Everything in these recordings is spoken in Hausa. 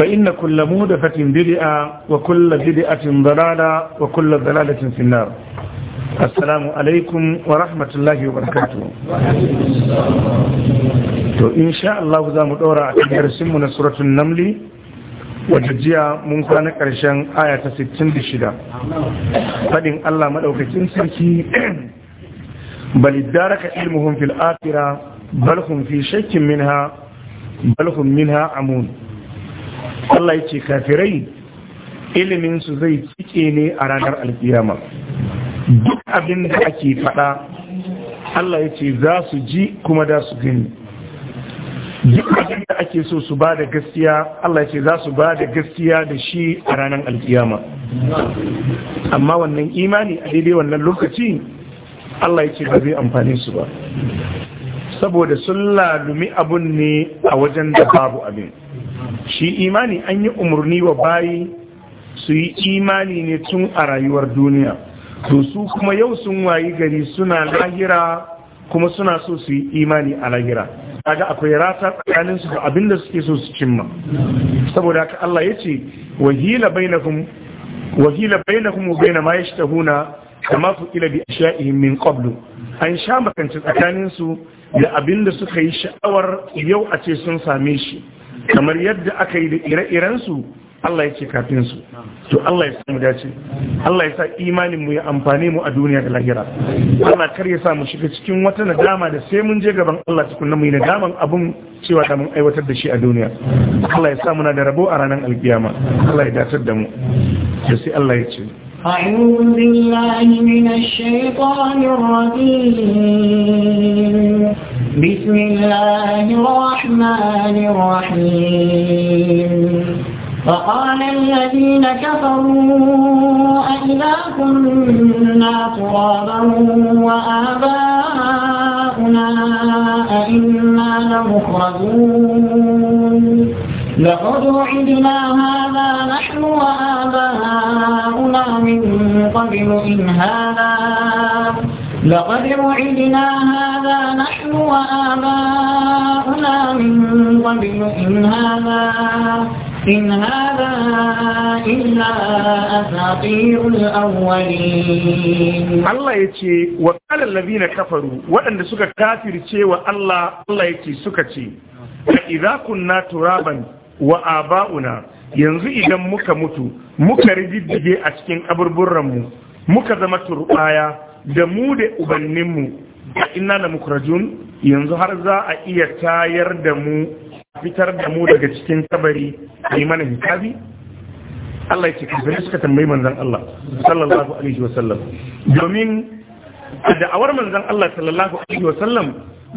فإن كل مودفة بدئة وكل بدئة ضلالة وكل ضلالة في النار السلام عليكم ورحمة الله وبركاته إن شاء الله ذا مدورة أكبر من سورة النمل وجديا ممكن كرشان آية 66 فإن الله مدوكة سنكي بل ادارك علمهم في الآخرة بل هم في شك منها بل هم منها عمون Allah ya ce kafirai iliminsu zai cike ne a ranar alkiyama duk abin da ake faɗa Allah ya ce za su ji kuma da su gani duk abin da ake so su ba da gaskiya Allah ya ce za su ba da gaskiya da shi a ranar alkiyama amma wannan imani a daidai wannan lokaci Allah ya ce ba zai amfane su ba saboda sun ladumi abun ne a wajen da babu abin shi imani an yi umarni wa bayi su yi imani ne tun a rayuwar duniya to su kuma yau sun wayi gari suna lahira kuma suna so su yi imani a lahira Daga akwai rata tsakanin su abin da suke so su cimma saboda haka Allah ya ce wahila bainakum wahila bainakum wa bain ma yashtahuna kama fu'ila bi ashya'ihim min qablu an sha makance tsakanin su da abin da suka yi sha'awar yau a ce sun same shi kamar yadda aka yi da ire-irensu Allah ya ce kafin su to Allah ya samu dace Allah ya sa imanin mu ya amfane mu a duniya da lahira Allah kar ya sa mu shiga cikin wata nadama da sai mun je gaban Allah cikin mu yi nadaman abun cewa da mun aiwatar da shi a duniya Allah ya sa muna da rabo a ranar alkiyama Allah ya datar da mu sai Allah ya ce أعوذ بالله من الشيطان الرجيم بسم الله الرحمن الرحيم فقال الذين كفروا أئذا كنا ترابا وآباؤنا أئنا لمخرجون لقد وعدنا هذا نحن وآباؤنا من قبل إن هذا لقد وعدنا هذا نحن وآباؤنا من قبل إن هذا إن هذا إلا أساطير الأولين الله يتي وقال الذين كفروا وأن سكا كافر تي والله الله يتي سكتي فإذا كنا ترابا wa aba'una yanzu idan muka mutu muka rididdige a cikin mu muka zama turbaya da mu da ubanninmu da inna da mukrajun yanzu har za a iya tayar da mu fitar da mu daga cikin kabari a yi mana hisabi Allah ya ce kafin suka tambayi manzan Allah sallallahu alaihi wasallam domin da awar manzan Allah sallallahu alaihi wasallam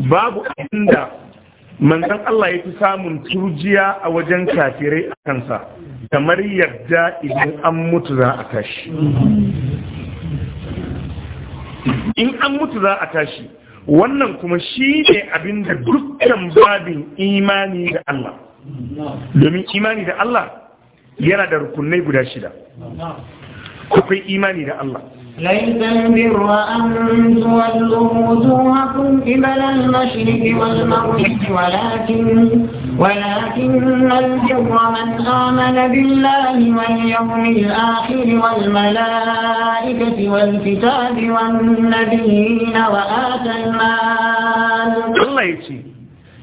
babu inda manzon Allah ya fi samun turjiya a wajen kafirai a kansa kamar yadda idan an mutu za a tashi in an mutu za a tashi wannan kuma shi ne abin da dukkan babin imani da Allah domin imani da Allah yana da rukunai guda shida akwai imani da Allah ليس البر أن تولوا وجوهكم قبل المشرق والمغرب ولكن ولكن البر من آمن بالله واليوم الآخر والملائكة والكتاب والنبيين وآتى المال الله يجزي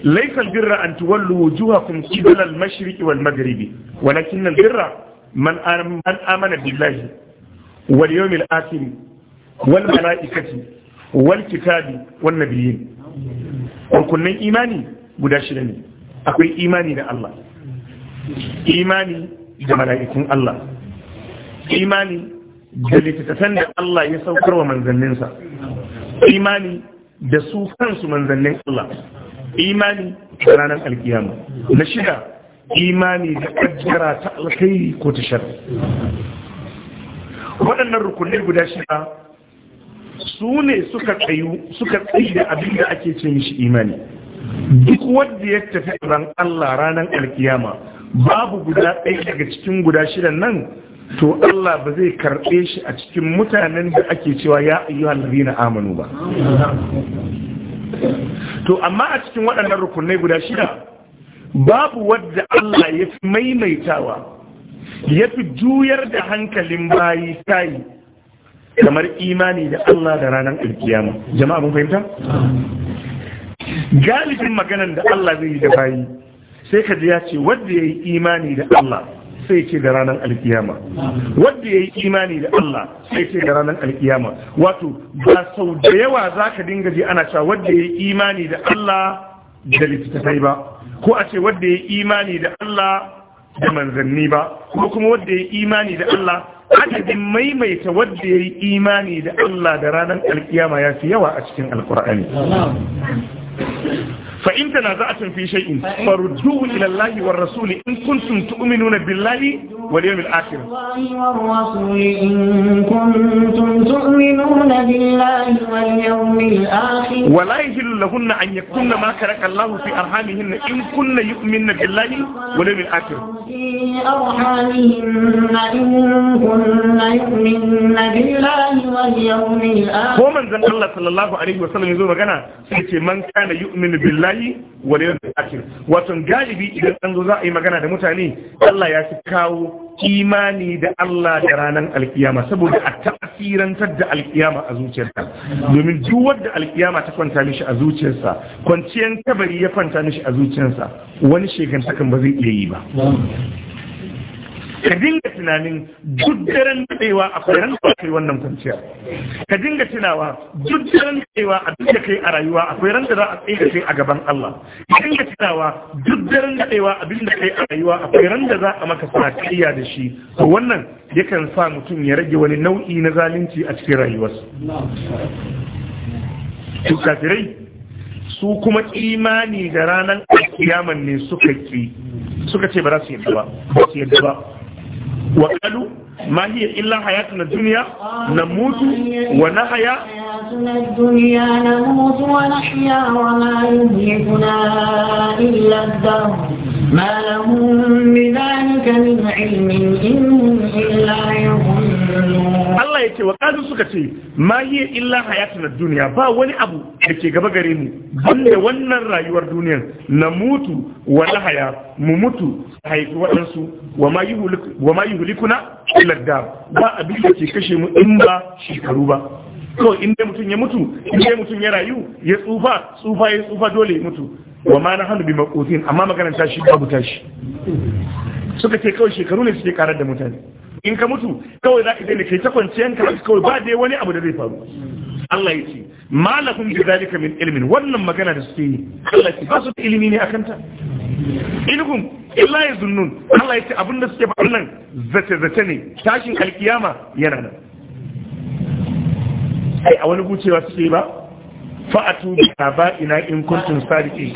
ليس البر أن تولوا وجوهكم قبل المشرق والمغرب ولكن البر من آمن بالله wal yawmil akhir wal malaikati wal kitabi wan nabiyyin rukunin imani guda shida ne akwai imani da Allah imani da mala'ikun Allah imani da littattafan da Allah ya saukar wa manzanninsa imani da su kansu manzannin Allah imani da ranar alkiyama na shida imani da ƙaddara ta alkhairi ko tashar. waɗannan rukunai guda shida su ne suka tsayu suka tsayi da abin da ake ce mishi imani duk wanda ya tafi ran Allah ranar alkiyama babu guda ɗaya daga cikin guda shidan nan to Allah ba zai karɓe shi a cikin mutanen da ake cewa ya ayyuhal ladina amanu ba to amma a cikin waɗannan rukunai guda shida babu wadda Allah ya fi maimaitawa ya fi juyar da hankalin bayi tayi kamar imani da Allah da ranar alkiyama jama'a mun fahimta galibin maganan da Allah zai yi da bayi sai ka ji ya ce wanda ya yi imani da Allah sai ce da ranar alkiyama wanda ya yi imani da Allah sai ce da ranar alkiyama wato ba sau da yawa za ka dinga ji ana cewa wanda ya yi imani da Allah da littattafai ba ko a ce wanda ya yi imani da Allah da manzanni ba ko kuma wanda ya imani da Allah adadin maimaita wanda ya yi imani da Allah da ranar alkiyama ya fi yawa a cikin alkur'ani فإن تنازعتم في شيء فردوه إلى الله والرسول إن كنتم تؤمنون بالله واليوم الآخر والرسول إن كنتم تؤمنون بالله واليوم الآخر ولا يجب lahunna an yakunna ma karaka Allahu fi arhamihinna in kunna yu'minna billahi wal yawmil akhir ko manzon Allah sallallahu alaihi wasallam yazo magana sai ce man kana yu'minu billahi wal yawmil akhir wato galibi idan an zo za a yi magana da mutane Allah ya fi kawo imani da Allah da ranar alkiyama saboda a ta'asirantar da alkiyama a zuciyarsa domin duk wanda alkiyama ta kwanta mishi a zuciyarsa kwanciyar kabari ya kwanta mishi a zuciyarsa wani shekantakan ba zai iya yi ba ka dinga tunanin duk daren daɗewa a kwaran da kai wannan kwanciya ka dinga tunawa duk daren daɗewa a duk da kai a rayuwa a ran da za a tsaye kai a gaban Allah ka dinga tunawa duk daren a duk da kai a rayuwa a ran da za a maka sakayya da shi to wannan yakan sa mutum ya rage wani nau'i na zalunci a cikin rayuwarsa to kafirai su kuma imani da ranar kiyaman ne suka ki suka ce ba za su yadda ba ba su yadda ba وقالوا ما هي إلا حياتنا الدنيا نموت ونحيا حياتنا الدنيا نموت ونحيا وما يهلكنا إلا الدهر ما لهم بذلك من علم إن إلا يظنون Allah ya ce wa kazu suka ce ma yi illa hayatun duniya ba wani abu da ke gaba gare mu banda wannan rayuwar duniyar na mutu wa lahaya mu mutu haifi waɗansu wa ma yuhlikuna illa dar ba abin da ke kashe mu in ba shekaru ba to in dai mutum ya mutu in dai mutum ya rayu ya tsufa tsufa ya tsufa dole ya mutu wa ma na hannu bi makotin amma maganar tashi babu tashi suka ce kawai shekaru ne suke karar da mutane in ka mutu kawai za ka daina kai ta kwanciyar ka kawai ba dai wani abu da zai faru Allah ya ce malakum bi zalika min ilmin wannan magana da suke yi Allah ya ce ba su da ilimi ne akan ta ilhum illa yazunnun Allah ya ce da suke ba nan zace zace ne tashin alkiyama yana nan ai a wani gucewa suke ba fa'atu bi aba'ina in kuntum sadiki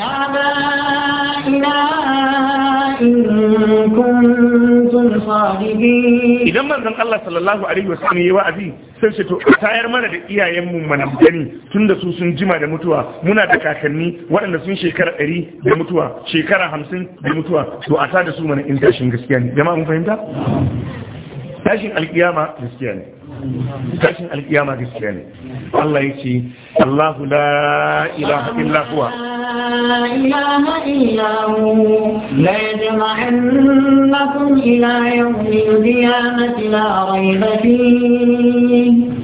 idan manzon Allah sallallahu alaihi wasallam yi wa'azi sai ce to tayar mana da iyayen mu tun tunda su sun jima da mutuwa muna da kakanni waɗanda sun shekara ɗari da mutuwa shekara 50 da mutuwa to a tada su mana in tashin gaskiya ne jama'a mun fahimta tashin alkiyama gaskiya ne tashin alkiyama gaskiya ne Allah ya ce Allahu la ilaha illa huwa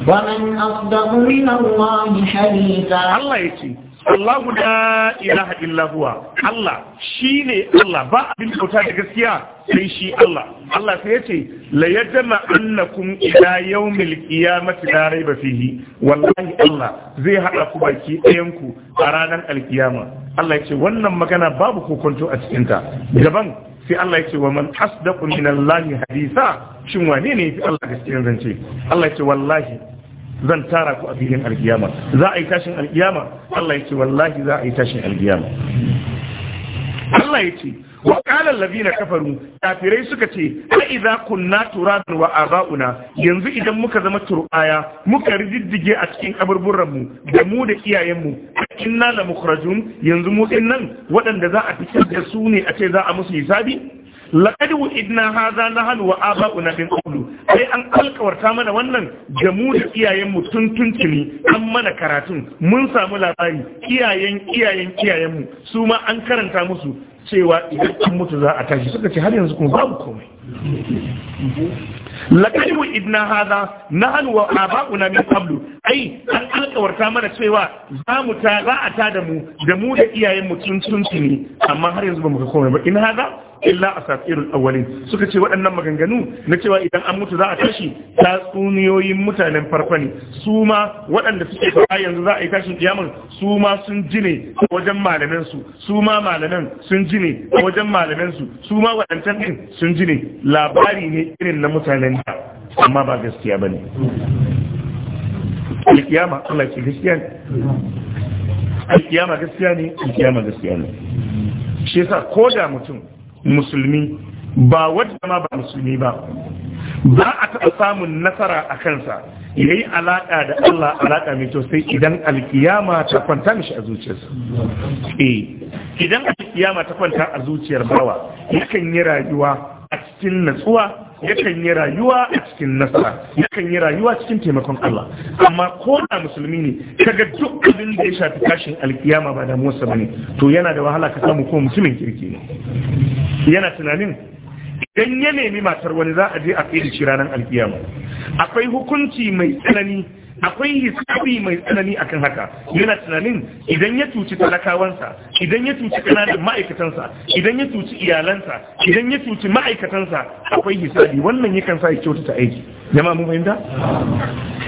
wa Allah Allah la ilaha illa huwa Allah shine Allah ba abin bauta da gaskiya sai shi Allah Allah sai yace la yajma annakum ila yawmil qiyamati la rayba fihi wallahi Allah zai hada ku baki ɗayan ku a ranar alkiyama Allah yace wannan magana babu kokonto a cikin ta gaban sai Allah ya ce wa man asdaqu min Allah hadisa shin wane ne yafi Allah gaskiyar zance Allah ya ce wallahi zan tara ku a filin alkiyama za a yi tashin alkiyama Allah ya ce wallahi za a yi tashin alkiyama Allah ya ce wa qala na kafaru kafirai suka ce a idza kunna turaban wa aba'una yanzu idan muka zama turaya muka rididdige a cikin kaburburan mu da mu da iyayen mu inna la mukhrajun yanzu mu nan waɗanda za a fitar da su ne a ce za a musu hisabi laqad wu'idna hadha nahnu wa aba'una min qablu sai an alkawarta mana wannan da mu da iyayen mu tun tuntuni an mana karatun mun samu labari iyayen iyayen iyayen mu su ma an karanta musu cewa idan kun mutu za a tashi suka ce har yanzu kuma babu komai laqad wu'idna hadha nahnu wa aba'una min qablu ai an alkawarta mana cewa za mu ta za a ta da mu da mu da iyayen mu tun ne amma har yanzu ba mu ga komai ba in haza illa asatirul awwalin suka ce waɗannan maganganu na cewa idan an mutu za a tashi tatsuniyoyin mutanen farko ne su ma waɗanda suke fara yanzu za a yi tashin kiyamar su ma sun ji ne wajen malamin su su ma malaman sun ji wajen malamin su su ma waɗancan din sun ji labari ne irin na mutanen da amma ba gaskiya ba ne. alkiyama Allah ce gaskiya ne alkiyama gaskiya ne alkiyama gaskiya ne shi yasa ko da mutum musulmi ba wajen ma ba musulmi ba ba a taɓa samun nasara a kansa ya yi alaƙa da Allah alaƙa mai kyau sai idan alkiyama ta kwanta mishi a zuciyarsa eh idan alkiyama ta kwanta a zuciyar bawa yakan yi rayuwa a cikin natsuwa yakan yi rayuwa a cikin nasara yakan yi rayuwa cikin taimakon Allah amma ko da musulmi ne kaga duk abin da ya shafi kashin alkiyama ba damuwarsa bane to yana da wahala ka samu ko mutumin kirki ne yana tunanin idan ya nemi matar wani za a je a kai shi ranar alkiyama akwai hukunci mai tsanani akwai hisabi mai tsanani akan haka yana tunanin idan ya cuci talakawansa idan ya cuci kananan ma'aikatansa idan ya cuci iyalansa idan ya cuci ma'aikatansa akwai hisabi wannan yakan sa ya kyautata aiki jama'a mun fahimta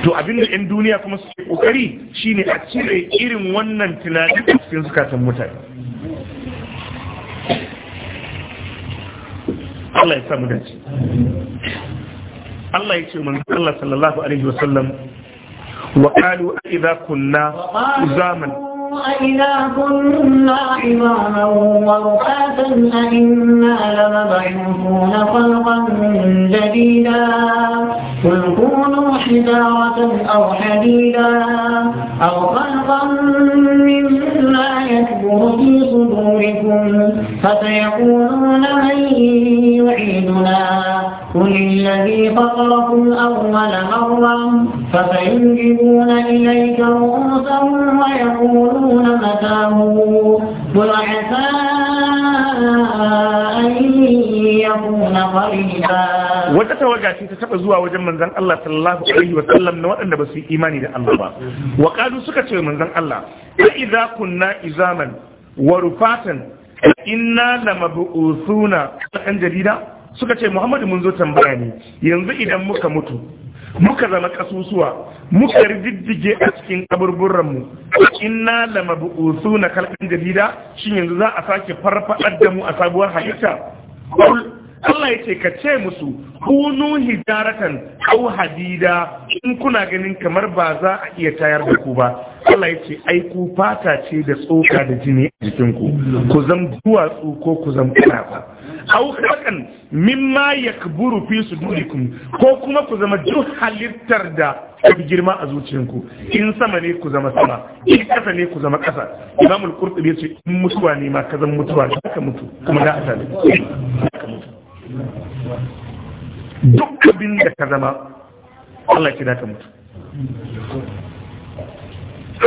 to abin da yan duniya kuma suke kokari shine a cire irin wannan tunani a cikin zukatan mutane Allah ya samu dace Allah ya ce manzo Allah sallallahu alaihi wasallam wa ƙalu a idakunna zamani إذا كنا عظاما ورفاتا أئنا لمبعوثون خلقا جديدا قل كونوا حجارة أو حديدا أو خلقا مما يكبر في صدوركم فسيقولون من يعيدنا قل الذي فطركم أول مرة فسينجبون إليك رؤوسا ويقولون يعلمون متى قل عسى wata tawaga ce ta taba zuwa wajen manzon Allah sallallahu alaihi wa sallam na waɗanda ba su yi imani da Allah ba wa suka ce manzon Allah idza kunna izaman wa rufatan inna lamab'usuna an jarida suka ce Muhammadu mun zo tambaya ne yanzu idan muka mutu muka zama kasusuwa muka riddige a cikin kaburburanmu inna lamabu'usu na kalkan jarida shin yanzu za a sake farfadar da mu a sabuwar halitta Allah ya ce ka ce musu kunu hijaratan au hadida in kuna ganin kamar ba za a iya tayar da ku ba Allah ya ce ai ku fata ce da tsoka da jini a jikinku ku zam duwatsu ko ku zam ƙarafa aw khalqan mimma yakburu fi sudurikum ko kuma ku zama duk halittar da ku girma a zuciyanku in sama ne ku zama sama in kasa ne ku zama kasa imam al-qurtubi ce in mutuwa ne ma ka zama mutuwa ka mutu kuma da asali ka duk abin da ka zama Allah ya ce da ka mutu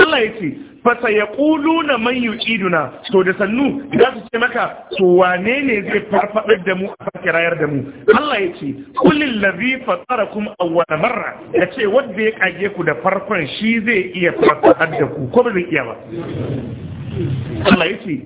Allah ya ce fasa ya ƙulu na man iduna to da sannu za su ce maka to wane ne zai farfaɗar da mu a sake rayar da mu Allah ya ce kullin lazi fatsara kuma wani marra ya ce wanda ya kage ku da farkon shi zai iya farfaɗar da ku ko ba zai iya ba Allah ya ce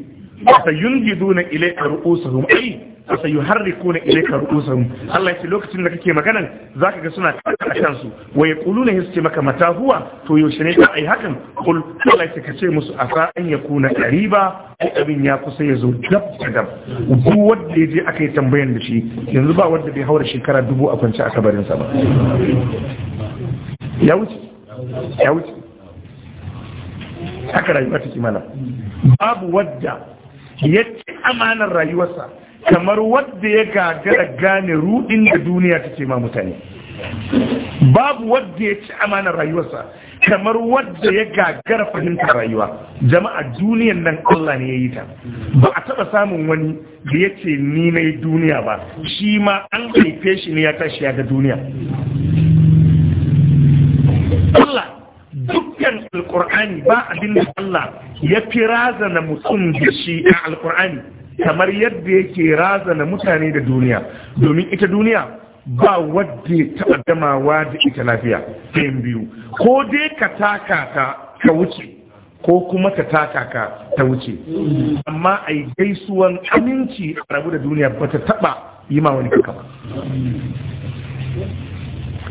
sayunjiduna ilayka ru'usuhum ay fa yuharrikuna ilayka ru'usahum Allah yace lokacin da kake maganan zaka ga suna kashin su wa yaquluna yace maka mata huwa to yaushe ne ai hakan kul Allah yace kace musu asa an yakuna qariba ai abin ya kusa ya zo dab dab duk wanda yaje aka yi tambayan da shi yanzu ba wanda bai haura shekara dubu a kwance a kabarin sa ba ya wuce ya wuce haka rayuwa take mana babu wadda yace amanar rayuwarsa kamar wadda ya gagara gane ruɗin da duniya ce ma mutane babu wadda ya ci amanar rayuwarsa kamar wadda ya gagara fahimtar rayuwa jama'a duniyan nan Allah ne ya yi ta ba a taɓa samun wani da ya ce ni na yi duniya ba shi ma an haife shi ne ya tashi ya ga duniya Allah dukkan alkur'ani ba abin da Allah ya fi razana mutum da shi a alkur'ani kamar yadda yake razana mutane da duniya domin ita duniya ba wadda ta damawa da ita lafiya ɗayan biyu ko dai ka taka ka ka wuce ko kuma ka taka ka ta wuce amma a yi gaisuwan aminci a rabu da duniya ba ta taɓa yi ma wani kaka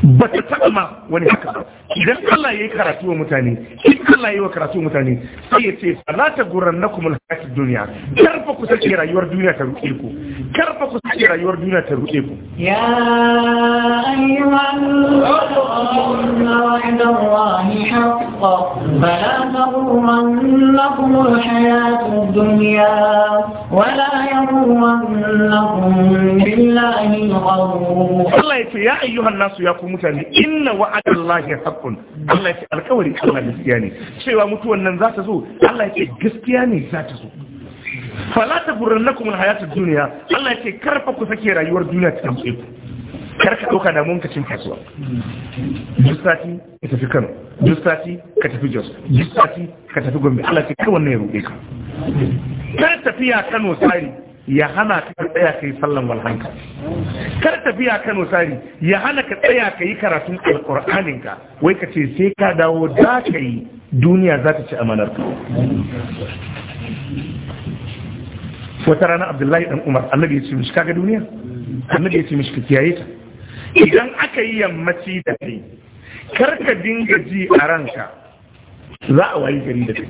ba ta taɓa ma wani haka ba idan Allah ya yi karatu wa mutane in Allah ya yi wa karatu wa mutane sai ya ce ta guran na kuma hayatin duniya karfa ku sake rayuwar duniya ta ruɗe ku karfa ku sake rayuwar duniya ta ruɗe ku ya ayyuhan na wa'ada Allahi haqqa fala taghurrannakum alhayatud dunya wala yaghurrannakum billahi al-ghurur Allah ya ce ya ayyuhan nasu ya ku ku mutane inna wa'adallahi haqqun Allah ya ce alƙawari Allah gaskiya ne cewa mutuwan nan za ta zo Allah ya ce gaskiya ne za ta zo fala ta burrannakum alhayatud dunya Allah ya ce karfa ku sake rayuwar duniya ta tambaye ku kar ka dauka da mun cin kasuwa duk ka tafi Kano duk ka tafi Jos duk ka tafi Gombe Allah ya ce kar wannan ya ruɗe ka kar tafiya Kano tsari ya hana ka tsaya ka yi sallan walhanka kar tafiya kano sari ya hana ka tsaya ka yi karatun alƙur'aninka wai ka ce sai ka dawo za ka yi duniya za ta ci amanar ka wata rana abdullahi dan umar annabi ya ce mishi kaga duniya annabi ya ce mishi ka kiyaye ta idan aka yi yammaci da kai kar ka dinga ji a ranka za a wayi gari da kai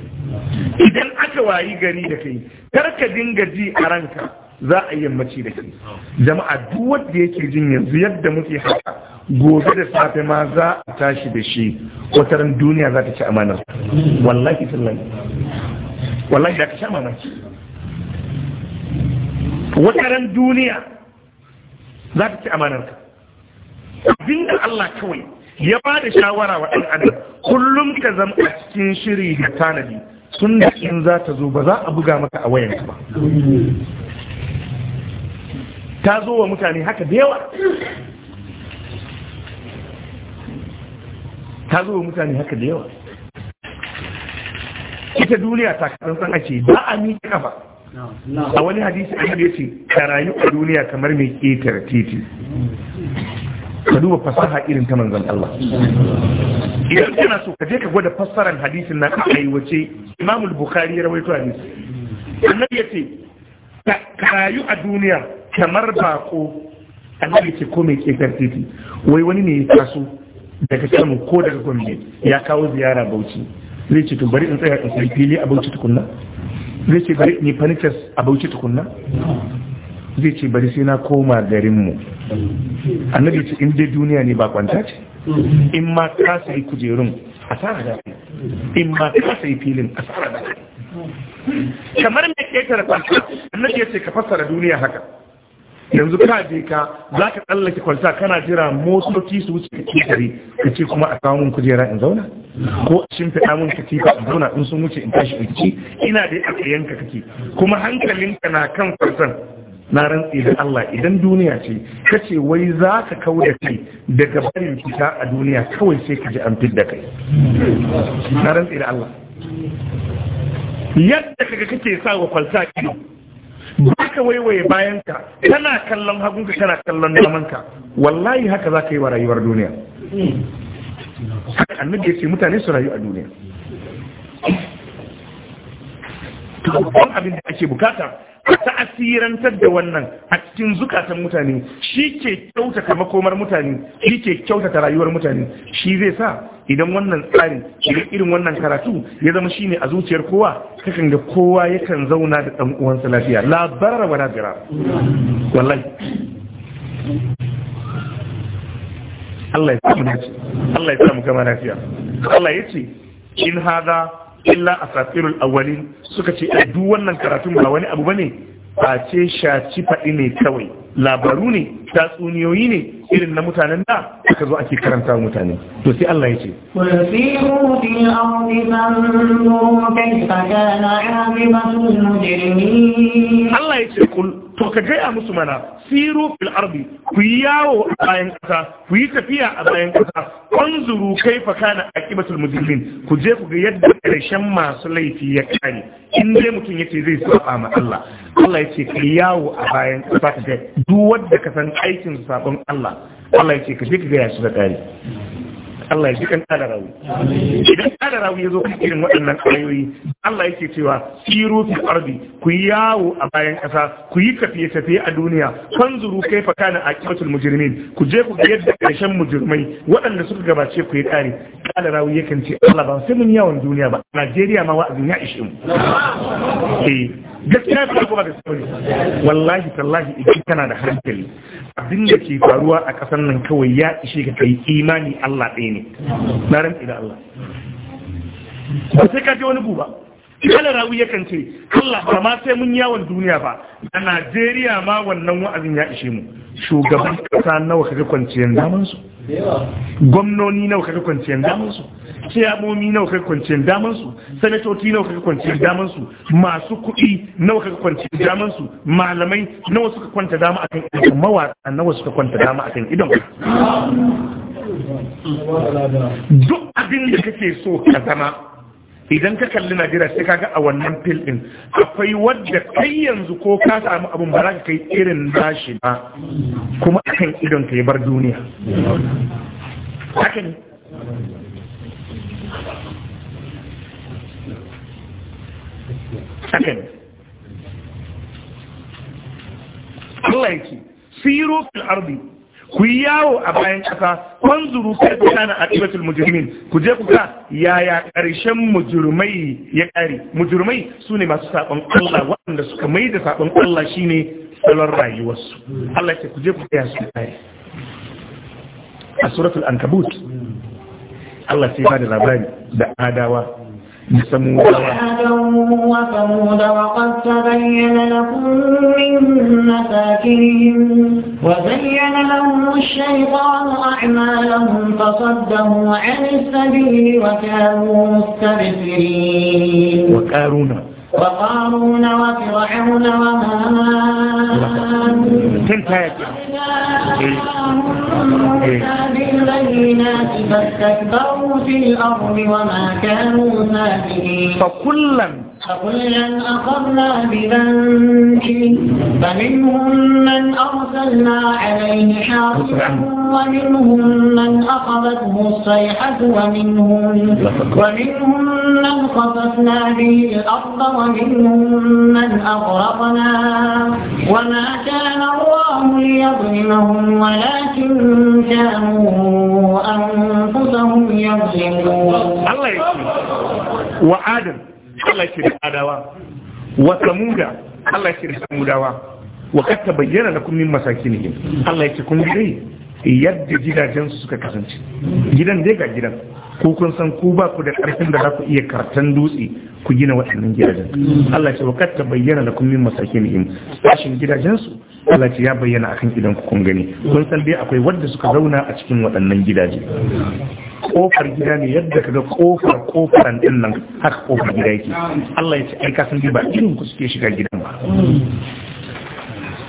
idan aka wayi gari da kai kar ka dinga ji a ranka za a yi yammaci da kai jama'a duk wanda yake jin yanzu yadda muke haka gobe da safe ma za a tashi da shi wata ran duniya za ta ci amanar wallahi sallan wallahi da ka sha mamaki wata ran duniya za ta ci amanar ka dinga Allah kawai ya ba da shawara wa ɗan adam kullum ka zama a cikin shiri da tanadi Sun da in za ta zo ba za a buga maka a wayan ba ta zo wa mutane haka da yawa ta zo wa mutane haka da yawa ita duniya ta kasan ake ba a miƙe kafa a wani hadisi a ya ce ka rayu a duniya kamar mai ƙetare titi ka duba fasaha irin ta manzon Allah idan kana so ka je ka gwada fassarar hadisin nan a aiwace Imam Bukhari ya rawaito hadisi annabi yace ka rayu a duniya kamar bako annabi ce ko mai kekar titi wai wani ne ya taso daga Kano ko daga Gombe ya kawo ziyara Bauchi zai ce to bari in tsaya in sai fili a Bauchi tukunna zai ce bari ni fanitas a Bauchi tukunna zai ce bari sai na koma garin mu. annabi ce in dai duniya ne ba kwanta ce in ma ka sai kujerun asara da in ma ka sai filin asara da kamar mai ketare kwanta annabi ya ce ka fassara duniya haka yanzu ka je ka za ka tsallake kwanta kana jira motsoki su wuce ka ketare ka ce kuma a samun kujera in zauna ko a shimfiɗa mun ba a zauna in sun wuce in tashi in ci ina dai a tsayenka kake kuma hankalinka na kan farsan. na rantsi da Allah idan duniya ce kace wai za ka kauda kai daga barin fita a duniya kawai sai ka ji an da kai na rantsi da Allah yadda kaga kake sa wa kwalta ido ba ka waiwaye ka, kana kallon ka, kana kallon ka, wallahi haka za ka yi wa rayuwar duniya haka annabi ya ce mutane su rayu a duniya to abin da ake bukata a ta'asirantar da wannan a cikin zukatan mutane shi ke kyautata makomar mutane shi ke kyautata rayuwar mutane shi zai sa idan wannan tsarin idan irin wannan karatu ya zama shine a zuciyar kowa kakan ga kowa yakan zauna da ɗan uwansa lafiya labarar wa nazira wallahi Allah ya samu Allah ya samu kama lafiya Allah ya ce in hada illa asatirul awwalin suka ce duk wannan karatun ba wani abu bane face shaci faɗi ne kawai labaru ne tatsuniyoyi ne irin na mutanen da aka zo ake karanta mutane to sai Allah ya ce Allah ya ce kul to ka gaya musu mana siru fil ardi ku yi yawo a bayan ƙasa, ku yi tafiya a bayan kasa anzuru kaifa kana aqibatul mujrimin ku je ku ga yadda karshen masu laifi ya kare in dai mutum ya ce zai saba ma Allah Allah ya ce ka yawo a bayan ƙasa ka duk wanda ka san aikin sabon Allah Allah ya ce ka je ka gaya shi da ƙari Allah ya ji kan kadarawi idan kadarawi ya zo kan irin waɗannan ayoyi Allah yake cewa siru fi ardi ku yawo a bayan ƙasa ku yi tafiye tafiye a duniya fanzuru kaifa kana aqibatul mujrimin ku je ku ga yadda ƙarshen mujrimai waɗanda suka gabace ku yi kare kadarawi yakan ce Allah ba sai mun yawon duniya ba Najeriya ma wa'azin ya ishe mu eh, gaskiya ta kuma da sauri wallahi tallahi idan kana da hankali abin da ke faruwa a ƙasar nan kawai ya ishe ka kai imani Allah ɗaya ne na rantsi da Allah ba sai ka je wani guba kala rawi yakan ce Allah ba ma sai mun yawon duniya ba a Najeriya ma wannan wa'azin ya ishe mu shugaban kasa nawa kaga kwanciyar damansu gwamnoni nawa kaga kwanciyar damansu ciyamomi nawa kai kwanciyar damansu, su sanatoci nawa kai kwanciyar damansu, masu kuɗi nawa kai kwanciyar damansu, malamai nawa suka kwanta dama akan idon mawaƙa nawa suka kwanta dama akan idon duk abin da kake so ka zama idan ka kalli najeriya sai kaga a wannan fil din akwai wadda kai yanzu ko ka samu abin ba za ka kai irin nashi ba kuma akan idon ka ya bar duniya haka ne haka ne Allah yake siro fil ardi ku yawo a bayan ƙasa kwanzuru kai ku kana aqibatul mujrimin ku je ku ga yaya ƙarshen mujrimai ya ƙare mujrimai sune masu sabon Allah waɗanda suka mai da sabon Allah shine salon rayuwarsu Allah ya ce ku je ku ga su ƙare a suratul ankabut الله sai ba da labari da adawa da وثمود وقد تبين لكم من مساكنهم وزين لهم الشيطان أعمالهم فصدهم عن السبيل وكانوا مستبصرين وقارون وقارون وفرعون وهامان تنتهي بالبينات فاستكبروا في الأرض وما كانوا فكلا فكلا أخذنا بذنبه فمنهم من أرسلنا عليه حاصبا ومنهم من أخذته الصيحة ومنهم ومنهم من خسفنا به الأرض ومنهم من أغرقنا وما كان الله ليظلمهم ولكن كانوا Allah ya ce wa Adam Allah ya ce da Adawa wa Samuda Allah ya ce da Samudawa wa katta bayyana lakum min masakinihim Allah ya ce kun dai yadda gidajen su suka kasance gidan dai ga gidan ko kun san ku ba ku da karfin da za ku iya kartan dutse ku gina waɗannan gidajen Allah ya ce wa katta bayyana lakum min masakinihim sashin gidajen su Allah ya bayyana akan gidan ku kun gani kun san dai akwai wanda suka zauna a cikin waɗannan gidaje kofar gida ne yadda kaga kofar kofaran din nan haka kofar gida yake Allah ya ce ai kasan ba irin ku suke shiga gidan ba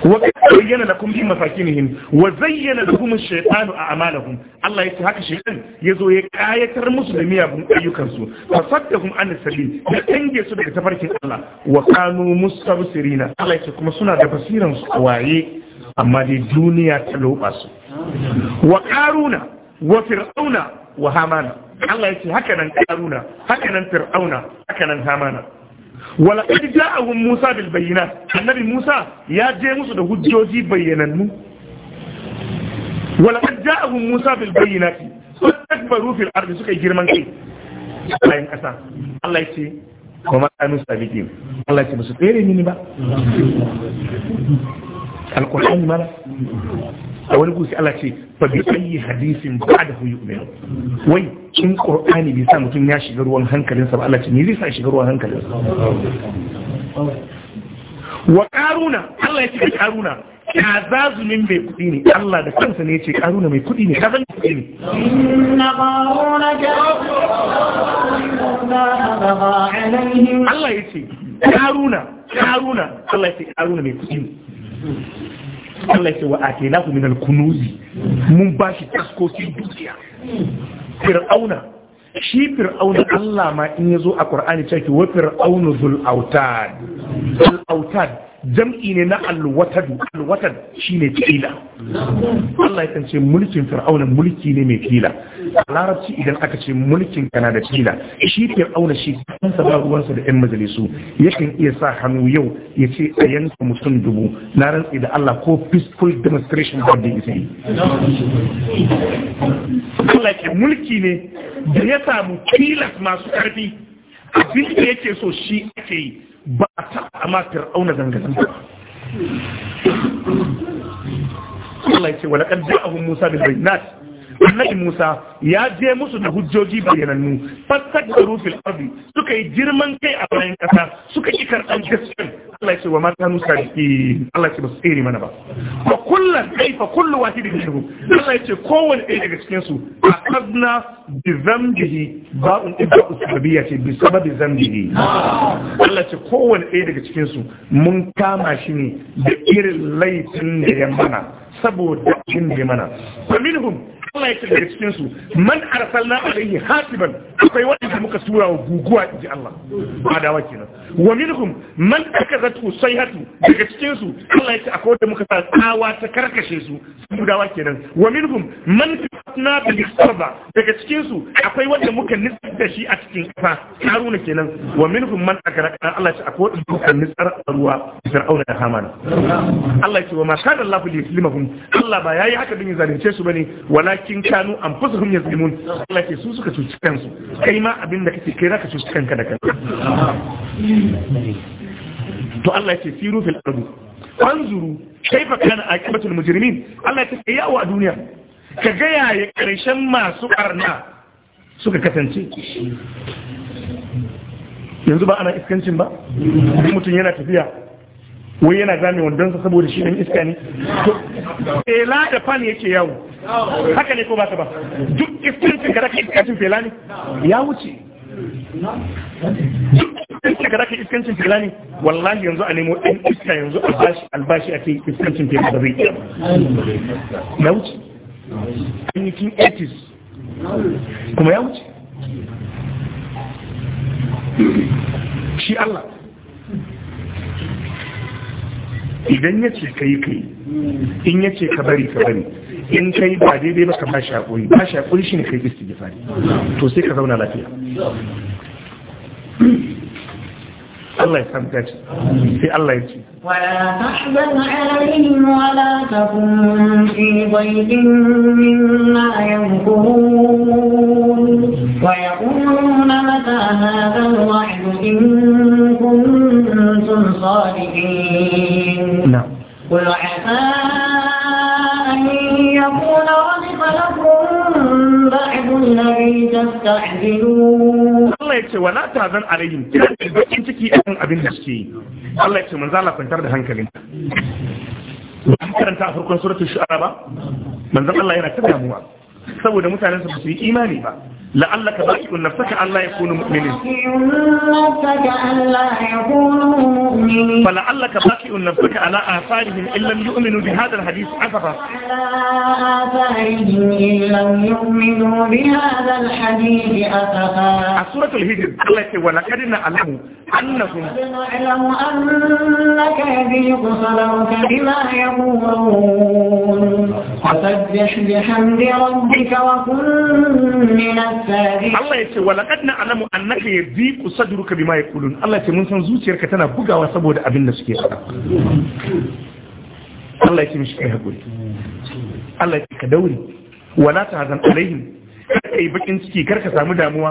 wa bayyana lakum bi masakinihim wa zayyana lakum ash-shaytanu a'malahum Allah ya ce haka shaytan yazo ya kayatar musu da miyagun ayyukan su fasaddahum an sabil ya tange su daga tafarkin Allah wa kanu mustabsirina Allah ya ce kuma suna da basiran su waye amma dai duniya ta loba wa karuna wa fir'auna wa hamana Allah ya ce haka nan karuna haka nan fir'auna haka nan hamana wala qad ja'ahum Musa bil bayyinat annabi Musa ya je musu da hujjoji bayyanannu wala qad ja'ahum Musa bil bayyinat fastakbaru fil ardi suka girman kai bayan kasa Allah ya ce kuma kanu sabiqin Allah ya ce musu tsere ni ba alqur'ani mala a wani gusi Allah ce fa bi ayi hadisin hu yu'minu wai in qur'ani bai sa mutum ya shiga ruwan sa ba Allah ce ni zai sa shiga ruwan hankalin. wa qaruna Allah ya ce qaruna ya min bai kudi ne Allah da kansa ne ya ce qaruna mai kudi ne kazan kudi ne Allah ya ce ƙaruna ƙaruna, Allah ya ce ƙaruna mai kudi ne Allah ce wa atainahu min al-kunuzi mun bashi taskokin dukiya fir'auna shi fir'auna Allah ma in yazo a Qur'ani ce wa fir'auna zul autad zul autad jam'i ne na al-watad al-watad shine kila Allah ya tance mulkin fir'auna mulki ne mai kila a larabci idan aka ce mulkin kana da kila shi ke auna shi kansa ba ruwansa da 'yan majalisu yakan iya sa hannu yau ya ce a yanka mutum dubu na rantsi da Allah ko peaceful demonstration da da isa yi Allah ke mulki ne da ya samu tilas masu karfi abin da yake so shi ake yi ba ta amma auna zanga Allah ya ce wa laqad ja'ahum Musa bil bayyinati annabi Musa ya je musu da hujjoji bayanannu da rufin ardi suka yi girman kai a bayan kasa suka yi karɓan gaskiyan Allah ya ce wa mata Musa da ke Allah ya ce su tsere mana ba wa kullan kaifa kullu wahidin minhum Allah ya ce kowanne ɗaya daga cikin su akadna bi zambihi ba'un ibra'u usbabiya ce bi sababi zambihi Allah ya ce kowanne ɗaya daga cikin su mun kama shi ne da irin laifin da ya mana saboda abin da mana fa minhum Allah ya daga cikin su man arsalna alaihi hasiban akwai wanda muka tura wa guguwa inji Allah ba dawa kenan wa minhum man akazatu sayhatu daga cikin su Allah yake akwai da muka sa tsawa ta karkashe su gudawa kenan wa minhum man na bil sarba daga cikin su akwai wanda muka nitsar da shi a cikin kafa haruna kenan wa minhum man akaraka Allah ya akwai wanda muka nitsar a ruwa fir'auna da hamana Allah ya ce wa ma kana Allah li yuslimahum Allah ba yayi haka din zalunce su bane walakin kanu an anfusuhum yazlimun Allah ya ce su suka cuci kansu kai ma abinda kake kai zaka cuci kanka da kanka to Allah ya ce siru fil ardu anzuru kaifa kana al mujrimin Allah ya ce a duniya ka ga yaya karshen masu arna suka kasance yanzu ba ana iskancin ba mutum yana tafiya wai yana zame sa saboda shi ɗan iska ne fela da fan yake yawo haka ne ko ba ta ba duk iskancin ka raka iskancin fela ne ya wuce duk ɗan ka zaka iskancin fila ne wallahi yanzu a nemo ɗan iska yanzu albashi albashi ake iskancin fila da zai iya na wuce an yi kin 80s kuma ya wuce shi Allah idan ya ce ka yi ka yi in ya ce ka bari ka bari in ka yi ba daidai ba ka ba shi haƙuri ba shi haƙuri shi ne ka yi istighfari to sai ka zauna lafiya Allah ya san dace sai Allah ya ce ولا تحزن عليهم ولا تكن في ضيق مما يمكرون ويقولون متى هذا الوعد إن كنتم صادقين قل عسى Allah ya ce wala tazon a rayim, ki na daidai, ki na daidai, in ciki, in abin da suke yi. Allah ya ce man za a lafantar da hankali Ba karanta a farkon suna taushe ba? Man zan ɗan layi yana tafiyar mu ba. Saboda mutanen su basu yi imani ba. La'allaka ba ki kunna saka Allah ya kuna muminin ya kunu? فلعلك باقي نفسك على آثارهم إن لم يؤمنوا بهذا الحديث أسفا سورة الهجر الله يقول ولقد نعلم أنهم نعلم أنك يذيق صدرك بما يقولون فسبح بحمد ربك وكن من الساجدين الله يقول ولقد نعلم أنك يذيق صدرك بما يقولون الله يقول من سنزوتي ركتنا بقى وسبح saboda abin da suke faɗa Allah ya mishi kai hakuri. Allah ya ka dauri, wala ta hazan alaihim kai bakin ciki kar ka samu damuwa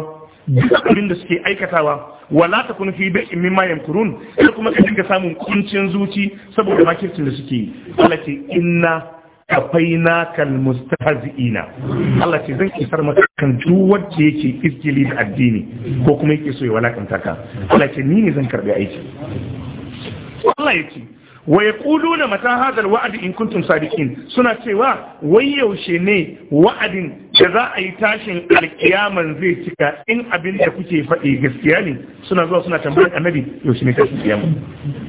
abin da suke aikatawa wala ta kun fi min ma yamkurun kar kuma ka dinga samun kuncin zuci saboda makircin da suke yi Allah ce inna kafaina kal mustahzi'ina Allah ce zan isar maka kan duk wacce yake izgili da addini ko kuma yake so ya walakanta ka Allah ce ni ne zan karbi aiki Allah ya ce wa yaquluna mata hadal wa'd in kuntum sadiqin suna cewa wai yaushe ne wa'adin da za a yi tashin alkiyaman zai cika in abin da kuke faɗi gaskiya ne suna zuwa suna tambayar annabi yaushe ne tashin kiyama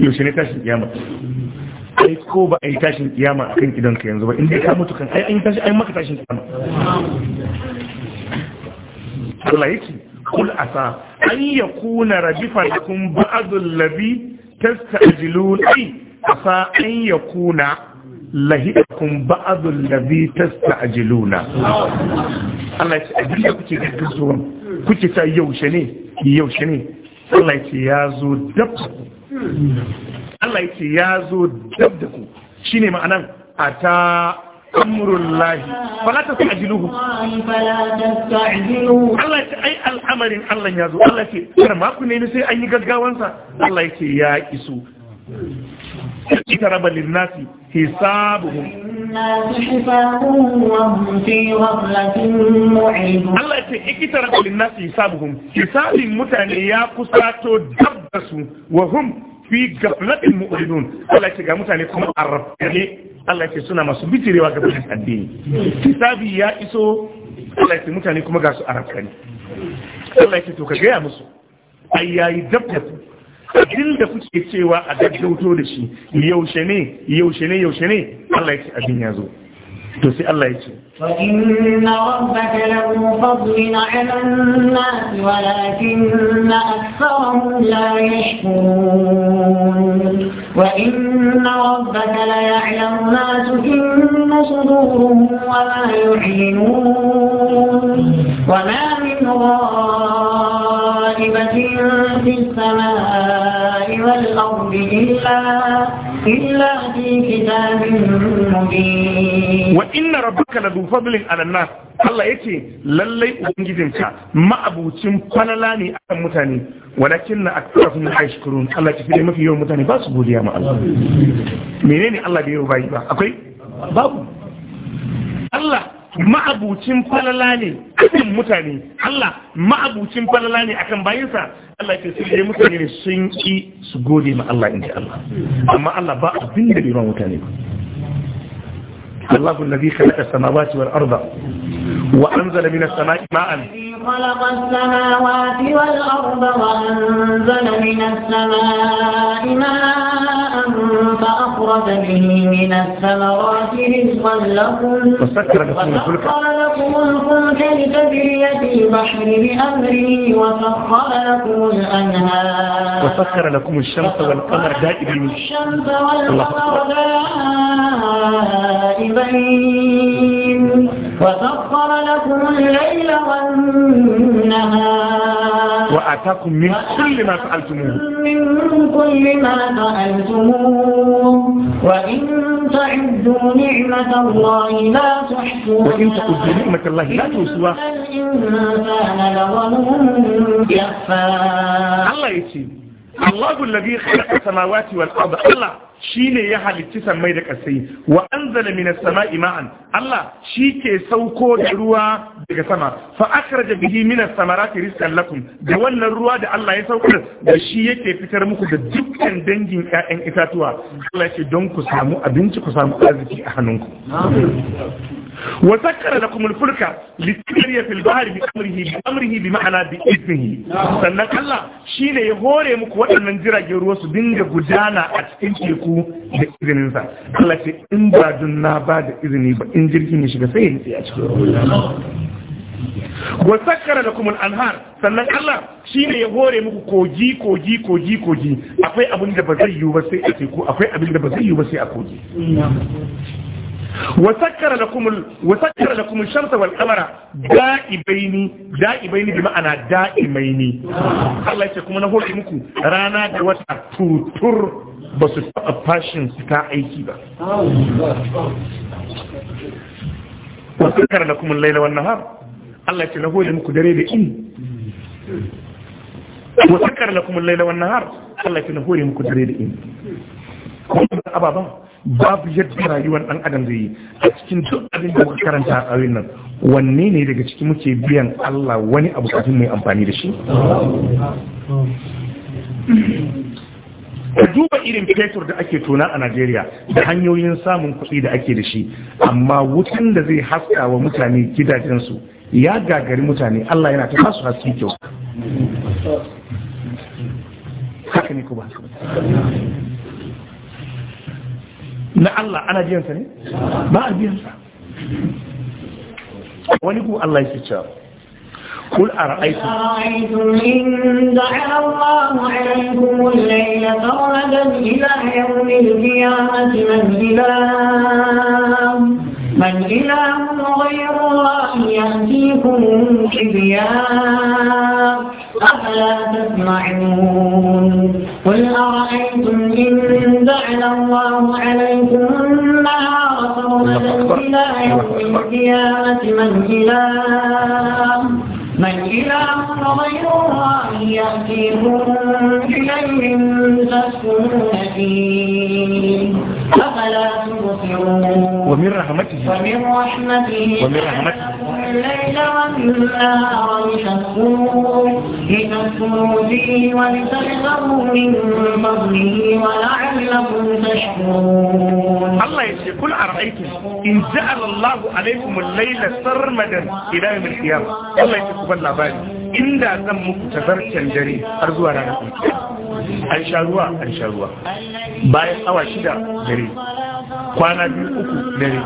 yaushe ne tashin kiyama ai ko ba a yi tashin kiyama akan idan ka yanzu ba in ka mutu kan ai an yi tashin ai maka tashin kiyama Allah yake kul asa an yakuna rajifa lakum ba'd allazi tasta'jilun ay asa an yakuna lahidakum ba'd allazi tasta'jiluna Allah ya ce abin da kuke gaggawa kuke ta yaushe ne yaushe ne Allah ya ce ya zo dab Allah ya ce ya zo dab da ku shine ma'anan ata amurullahi fala ta sa'ajiluhu Allah ce ai al'amarin Allah ya zo Allah ce kar sai an yi gaggawansa Allah ya ce ya isu ita raba linnasi hisabuhum Allah ya ce ikitar kulin nasu hisabuhum hisabin mutane ya kusato dab da su wa hum fi ga mutane kuma arrabtane Allah ce suna masu bijirewa ga bin addini kitabi ya iso Allah ce mutane kuma ga su a rafkani Allah ce to ka gaya musu ai yayi dab da kuke cewa a gaggauto da shi yaushe ne yaushe ne yaushe ne Allah ya ce abin ya zo to sai Allah ya ce وإن ربك له فضل على الناس ولكن أكثرهم لا يشكرون وإن ربك ليعلم ما تكن صدورهم وما يعلنون وما من غائبة في السماء والأرض إلا, إلا في كتاب مبين وإن ربك لذو فضل على الناس Allah ya ce lallai Ubangijinka ma'abucin falala ne a kan mutane walakin na aksara sun da shukuru Allah ta fi mafi yawan mutane ba su godiya ma menene Allah da yau ba akwai babu Allah ma'abucin falala ne akan mutane Allah ma'abucin falala ne akan bayinsa Allah ke sai ne, mutane ne sun ki su gode ma Allah inda Allah amma Allah ba abin da bai ba mutane ba الله الذي خلق السماوات والأرض وأنزل من السماء ماء خلق السماوات والأرض وأنزل من السماء ماء فأخرج به من الثمرات رزقا لكم وسكر لكم الفلك لكم الفلك لتجري في البحر بأمره وسخر لكم الأنهار وسخر لكم الشمس والقمر دائبين الشمس والقمر دائبين البين وسخر لكم الليل والنهار وأتاكم من كل ما سألتموه من كل ما سألتموه وإن تعدوا نعمة الله لا تحصوها وإن تعدوا نعمة الله لا تحصوها الإنسان لظلم كفار الله يسير Allahu alladhi khalaqa samawati wal arda Allah shine ya halicci sammai da ƙasai wa'anzala anzala minas sama'i ma'an Allah shi ke sauko da ruwa daga sama fa akhraja bihi minas samarati rizqan lakum da wannan ruwa da Allah ya saukar da shi yake fitar muku da dukkan dangin 'ya'yan itatuwa Allah ya ce don ku samu abinci ku samu arziki a hannunku وسكر لكم الفلك لتجري da البحر بأمره بأمره بمعنى بإذنه sannan Allah shi ne ya hore muku waɗannan jiragen ruwa su dinga gudana a cikin teku da izininsa Allah ce in ba na ba da izini ba in jirgin ya shiga sai ya nitsi a cikin ruwa wa sakkara da kuma anhar sannan Allah shi ne ya hore muku kogi kogi kogi kogi akwai abin da yiwu ba sai a teku akwai abin da yiwu ba sai a kogi wasakkara da kuma shamsa wal kamara da'ibaini da'ibaini bi ma'ana da'imaini Allah kuma na hulɗe muku rana da wata tutur ba su taɓa fashin su ta aiki ba wasakkara da kuma laila wannan har Allah ya ce na hulɗe muku dare da in wasakkara da kuma laila wannan har Allah ya ce na hulɗe muku dare da in babu yadda rayuwar ɗan adam zai yi a cikin duk abin da muka karanta a ƙauyen nan wanne ne daga cikin muke biyan Allah wani abu kafin mai amfani da shi ka duba irin fetur da ake tona a Najeriya da hanyoyin samun kuɗi da ake da shi amma wutan da zai haska wa mutane gidajensu ya gagari mutane Allah yana ta kasu haske kyau haka ne ba na Allah ana biyansa ne ba a biyansa wani kuma Allah قل أرأيتم إن دعا الله عليكم الليل فردا إلى يوم القيامة من إله من إله غير الله يأتيكم كبيان أفلا تسمعون قل أرأيتم إن جعل الله عليكم النهار سرمدا إلى يوم القيامة من إله من إله غير الله يأتيكم بليل تسكنون فيه أفلا تبصرون ومن رحمته ومن رحمته ومن رحمته الليل والنهار من فضله ولعلكم تشكرون الله يشكر قل أرأيتم إن جعل الله عليكم الليل سرمدا إلى يوم القيامة الله يشكر بل بالي إن ذا ذنبك تزرتن جري أرجو أنا أن شاء الله أن شاء الله bayan أو شدة جري kwana biyu uku dare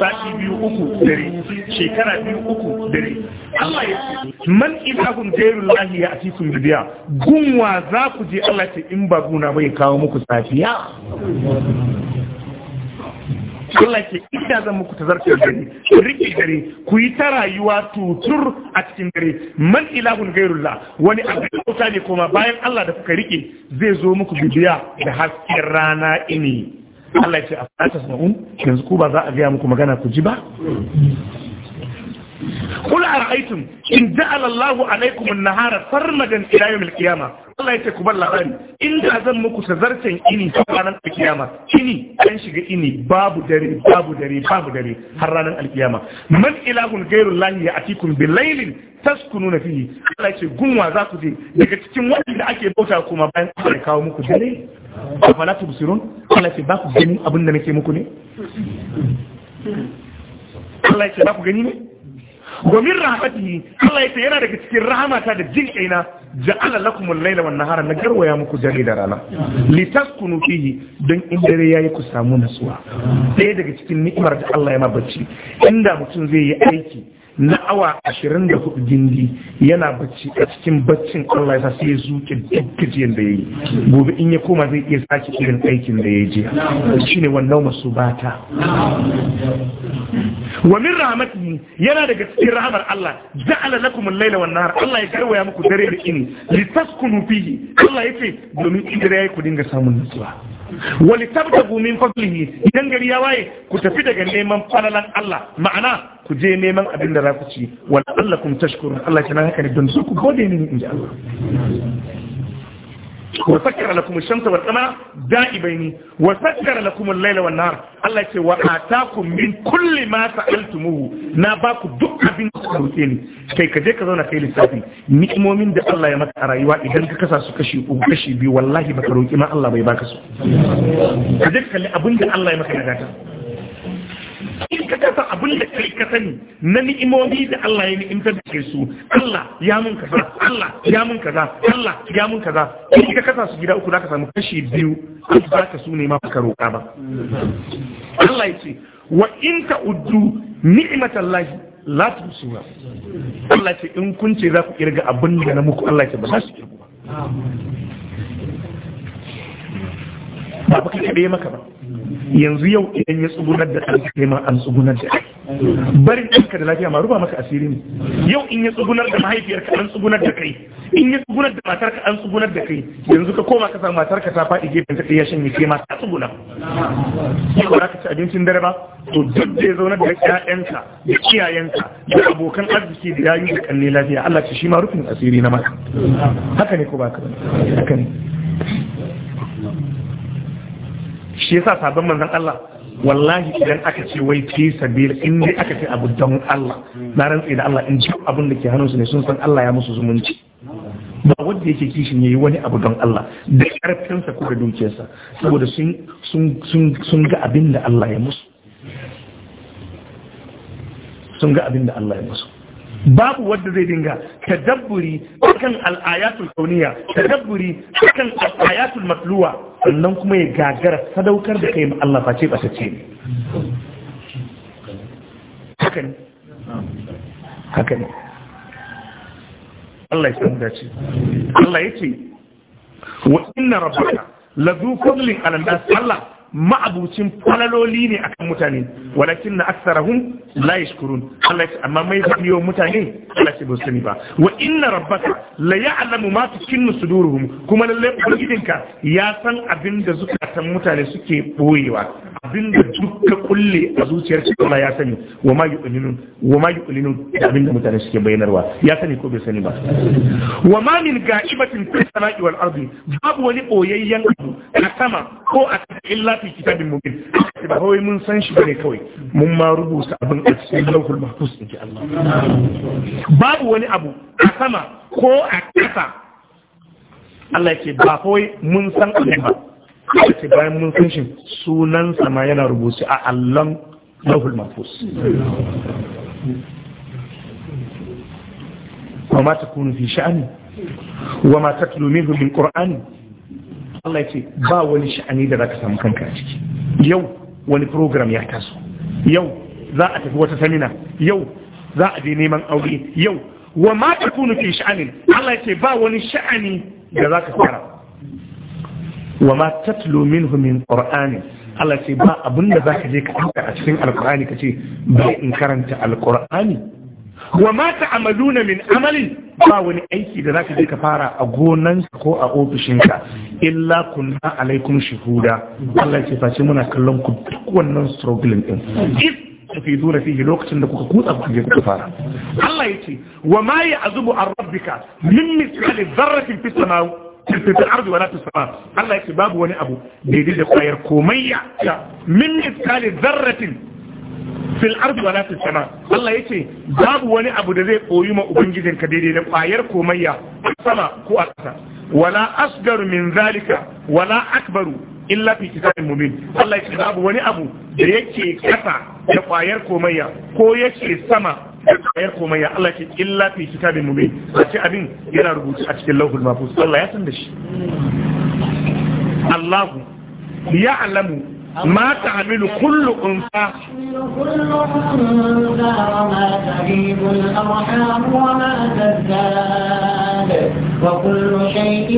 sati biyu uku dare shekara biyu uku dare Allah ya ce man ilahun jeru lahi ya atikum bibiya gunwa za ku je Allah ce in ba guna bai kawo muku safiya Allah ke ita zan muku zartar dare rike dare ku yi ta rayuwa tutur a cikin dare man ilahun gairullah wani abin kauta ne kuma bayan Allah da kuka rike zai zo muku bibiya da hasken rana ini Allah ce asata sa'un yanzu ku ba za a gaya muku magana ku ji ba Qul ara'aytum in al'allahu Allahu na hara nahara sarmadan ila yawm al ce ku balla bani in da zan muku sazarcen ini ranar alkiyama, ini an shiga ini babu dare babu dare babu dare har ranar alkiyama. man ilahun ghayru Allahi ya'tikum bil-laylin taskununa fiye. Allah ce gunwa za ku je daga cikin wani da ake bauta kuma bayan Allah kawo muku dare a fala ta busirun Allah ce ba ku da muku ne Allah ce gani ne gomin rahmatihi Allah ya yana daga cikin rahamata da jin kaina ja'ala lakum al-laila wan nahara na garwaya muku dare da rana litaskunu fihi don in dare yayi ku samu nasuwa Sai daga cikin ni'imar da Allah ya ma bacci inda mutum zai yi aiki na awa ashirin da hudu gindi yana bacci a cikin baccin Allah ya sai ya zuke dukkan da ya yi gobe in ya koma zai iya sake irin aikin da ya je shine wannan masu bata wa min rahmatihi yana daga cikin rahmar Allah ja'ala lakum al-laila wan nahar Allah ya karwaya muku dare da ini litaskunu fihi Allah yace domin ya yi ku dinga samun nutsuwa wa gomin min fadlihi idan gari ya waye ku tafi daga neman falalan Allah ma'ana ku je neman abin da za ku ci wal Allah kun tashkuru Allah kenan haka ne don su ku gode mini inji Allah wa sakkara lakum ash-shamsa wal qamara da'ibaini wa sakkara lakum al-layla wan ce wa ataakum min kulli ma sa'altumuhu na ba ku duk abin da kuka ni kai ka je ka zauna kai lissafi ni'imomin da Allah ya maka a rayuwa idan ka kasa su kashi uku kashi biyu wallahi baka roƙi ma Allah bai baka su ka je ka kalli abin da Allah ya maka ya gata in ka kasa abin da kai ka sani na ni'imomi da Allah ya ni'imtar da kai su Allah ya mun kaza Allah ya mun kaza Allah ya mun kaza in ka kasa su gida uku zaka samu kashi biyu za ka su ne ma ka roƙa ba Allah ya ce wa in ta uddu ni'matallahi la tusura Allah ce in kun ce za ku kirga abin da na muku Allah ce ba za su kirgu ba ba ka kai kaɗai maka ba yanzu yau idan ya tsugunar da ɗanka kai ma an tsugunar da kai barin ɗanka da lafiya ma ruba maka asiri ne yau in ya tsugunar da mahaifiyarka an tsugunar da kai in ya tsugunar da matarka an tsugunar da kai yanzu ka koma ka samu matarka ta faɗi gefen ta ya shanye kai ma ta tsuguna yau ba ka ci abincin dare ba to duk da ya zauna da ƴaƴanka da iyayenka da abokan arziki da yayi da kanne lafiya Allah ce shi ma rufin asiri na maka haka ne ko ba ka haka ne shi yasa sabon manzon Allah wallahi idan aka ce wai fi sabil in dai aka ce abu don Allah na rantsi da Allah in ji abin da ke hannun su ne sun san Allah ya musu zumunci ba wanda yake kishin yayi wani abu don Allah da karfinsa ko da dukiyarsa saboda sun sun sun ga abin da Allah ya musu sun ga abin da Allah ya musu babu wadda zai dinga tadabburi akan al'ayatul kauniya tadabburi akan al'ayatul matluwa sannan kuma ya gagara sadaukar da kai ma Allah face ba ce ne haka ne haka ne Allah ya san dace Allah yace wa inna rabbaka la fadlin 'ala nas Allah ma'abucin falaloli ne akan mutane walakin na aksarahum la yashkurun amma mai zabiyo mutane Allah bai sani ba wa inna rabbaka la ya'lamu ma tukinnu suduruhum kuma lalle ubangijinka ya san abin da zukatan mutane suke boyewa abin da duka kulle a zuciyar su Allah ya sani wa ma yu'linun wa ma yu'linun da abin da mutane suke bayanarwa ya sani ko bai sani ba wa ma min ga'ibatin fi sama'i wal ardi babu wani boyayyen abu a sama ko a illa fi kitabin mubin ba kawai mun san shi bane kawai mun ma rubuta abin a cikin lauhul mahfuz Allah babu wani abu a sama ko a ƙasa Allah ce ba kawai mun san abin ba Allah bayan mun san shi sunan sama yana rubuce a allon lauhul mahfuz وما تكون في شأن وما تتلو من Allah ce ba wani sha'ani da zaka samu kanka a ciki yau wani program ya taso yau za a tafi wata samina yau za a je neman aure yau wa ma takunu fi sha'anin Allah ce ba wani sha'ani da zaka fara wa ma tatlu minhu min qur'anin Allah ce ba abinda zaka je ka dauka a cikin alqur'ani kace bai in karanta alqur'ani wa ma ta'amaluna min amalin ba wani aiki da zaka je ka fara a gonanka ko a ofishinka illa kunna alaikum shuhuda Allah ce face muna kallon ku duk wannan struggling din if tafiduna fihi lokacin da kuka kutsa kuka je kuka fara Allah ya ce wa ma ya'zubu an rabbika min mithqali dharratin fis samawati fil ardi wala fis Allah ya ce babu wani abu daidai da kwayar komayya min mithqali dharratin fil ardi wala fis sama Allah yace babu wani abu da zai koyi ma ubangijin ka daidai da kwayar komayya sama ko a ƙasa wala asgaru min zalika wala akbaru illa fi kitabin mubin Allah yace babu wani abu da yake kasa da kwayar komayya ko yake sama da kwayar komayya Allah yace illa fi kitabin mubin sai abin yana rubuta a cikin lauhul mahfuz Allah ya san da shi Allahu ya alamu ما تعمل كل أنثى وما تغيب الأرحام وما تزداد وكل شيء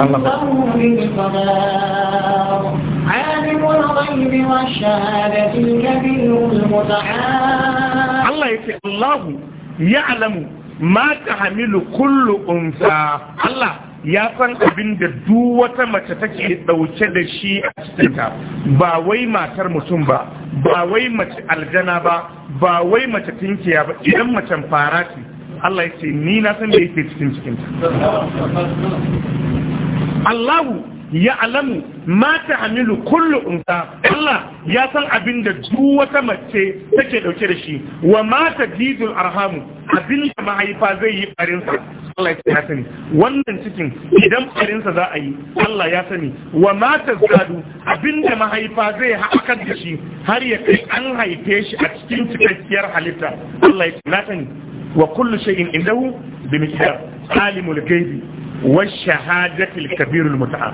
عنده بالقدار عالم الغيب والشهادة الكبير المتعال الله يتقل الله يعلم ma ta hamilu kullu unsa Allah ya san abin da duk wata mace take dauke da shi a cikinta ba wai matar mutum ba ba wai mace aljana ba ba wai mace tinkiya ba idan macen fara ce Allah ya ce ni na san da yake cikin cikinta Allahu ya alamu ma hamilu kullu unsa Allah ya san abin da duk wata mace take dauke da shi wa mata didul arhamu abin da mahaifa zai yi farinsa Allah ya sani wannan cikin idan farinsa za a yi Allah ya sani wa mata ta zadu abin da mahaifa zai haƙar da shi har ya kai an haife shi a cikin cikakkiyar halitta Allah ya sani wa kullu shay'in indahu bi miqdar alimul ghaibi wa shahadatil kabirul muta'a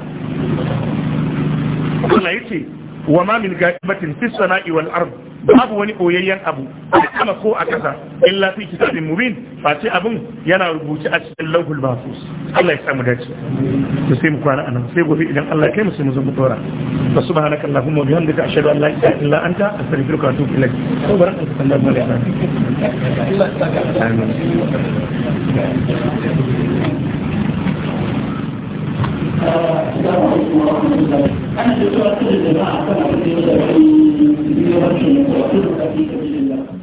Allah yace wa ma min ga'ibatin fis babu wani koyayyen abu a kama ko a kasa illa fi kitabin mubin face abin yana rubuci a cikin lauhul mahfuz Allah ya samu dace to sai mu kwana anan sai gobe idan Allah kai mu sai mu zo mu wa subhanaka allahumma wa bihamdika ashhadu an la ilaha illa anta astaghfiruka wa atubu baran ka sallallahu alaihi wa sallam السلام عليكم ورحمة الله أنا دكتور أكيد الجماعة كما في في في في في في في